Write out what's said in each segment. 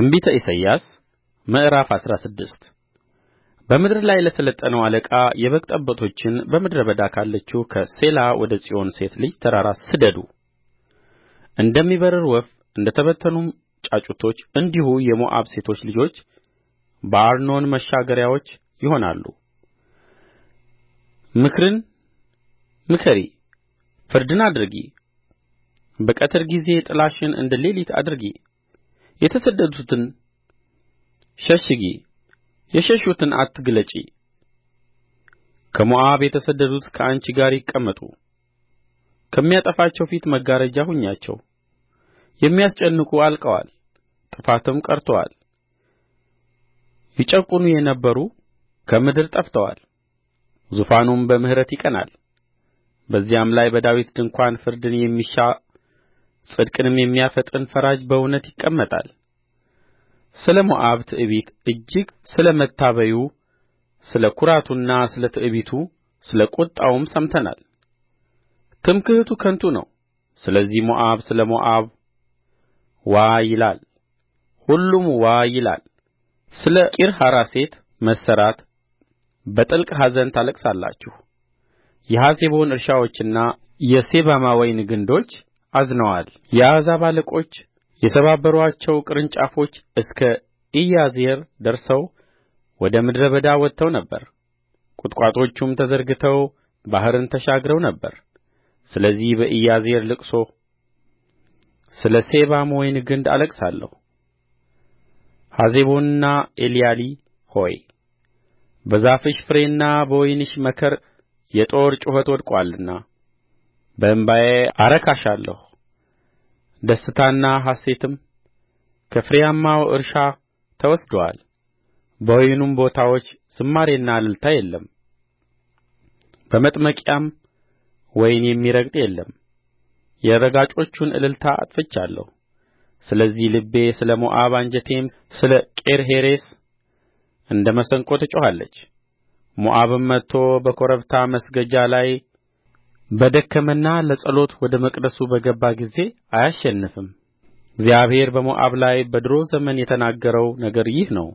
ትንቢተ ኢሳይያስ ምዕራፍ አስራ ስድስት በምድር ላይ ለሠለጠነው አለቃ የበግ ጠቦቶችን በምድረ በዳ ካለችው ከሴላ ወደ ጽዮን ሴት ልጅ ተራራ ስደዱ እንደሚበርር ወፍ እንደ ተበተኑም ጫጩቶች እንዲሁ የሞዓብ ሴቶች ልጆች በአርኖን መሻገሪያዎች ይሆናሉ ምክርን ምከሪ ፍርድን አድርጊ በቀትር ጊዜ ጥላሽን እንደ ሌሊት አድርጊ የተሰደዱትን ሸሽጊ የሸሹትን አትግለጪ ከሞዓብ የተሰደዱት ከአንቺ ጋር ይቀመጡ ከሚያጠፋቸው ፊት መጋረጃ ሁኛቸው የሚያስጨንቁ አልቀዋል ጥፋትም ቀርቶአል ይጨቁኑ የነበሩ ከምድር ጠፍተዋል ዙፋኑም በምሕረት ይቀናል በዚያም ላይ በዳዊት ድንኳን ፍርድን የሚሻ ጽድቅንም የሚያፈጥን ፈራጅ በእውነት ይቀመጣል ስለ ሞዓብ ትዕቢት እጅግ ስለ መታበዩ ስለ ኩራቱና ስለ ትዕቢቱ ስለ ቍጣውም ሰምተናል ትምክሕቱ ከንቱ ነው ስለዚህ ሞዓብ ስለ ሞዓብ ዋይ ይላል ሁሉም ዋይ ይላል ስለ ቂርሐራሴት መሠራት በጥልቅ ኀዘን ታለቅሳላችሁ የሐሴቦን እርሻዎችና የሴባማ ወይን ግንዶች አዝነዋል የአሕዛብ አለቆች የሰባበሩአቸው ቅርንጫፎች እስከ ኢያዜር ደርሰው ወደ ምድረ በዳ ወጥተው ነበር ቍጥቋጦቹም ተዘርግተው ባሕርን ተሻግረው ነበር ስለዚህ በኢያዜር ልቅሶ ስለ ሴባም ወይን ግንድ አለቅሳለሁ ሐሴቦንና ኤልያሊ ሆይ በዛፍሽ ፍሬና በወይንሽ መከር የጦር ጩኸት ወድቆአልና በእንባዬ አረካሻለሁ ደስታና ሐሤትም ከፍሬያማው እርሻ ተወስዶአል በወይኑም ቦታዎች ዝማሬና እልልታ የለም በመጥመቂያም ወይን የሚረግጥ የለም የረጋጮቹን እልልታ አጥፍቻለሁ ስለዚህ ልቤ ስለ ሞዓብ አንጀቴም ስለ ቂርሔሬስ እንደ መሰንቆ ትጮኻለች ሞዓብም መጥቶ በኮረብታ መስገጃ ላይ በደከመና ለጸሎት ወደ መቅደሱ በገባ ጊዜ አያሸንፍም እግዚአብሔር በሞዓብ ላይ በዱሮ ዘመን የተናገረው ነገር ይህ ነው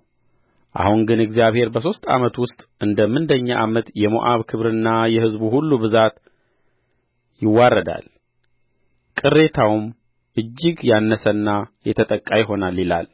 አሁን ግን እግዚአብሔር በሦስት ዓመት ውስጥ እንደ ምንደኛ ዓመት የሞዓብ ክብርና የሕዝቡ ሁሉ ብዛት ይዋረዳል ቅሬታውም እጅግ ያነሰና የተጠቃ ይሆናል ይላል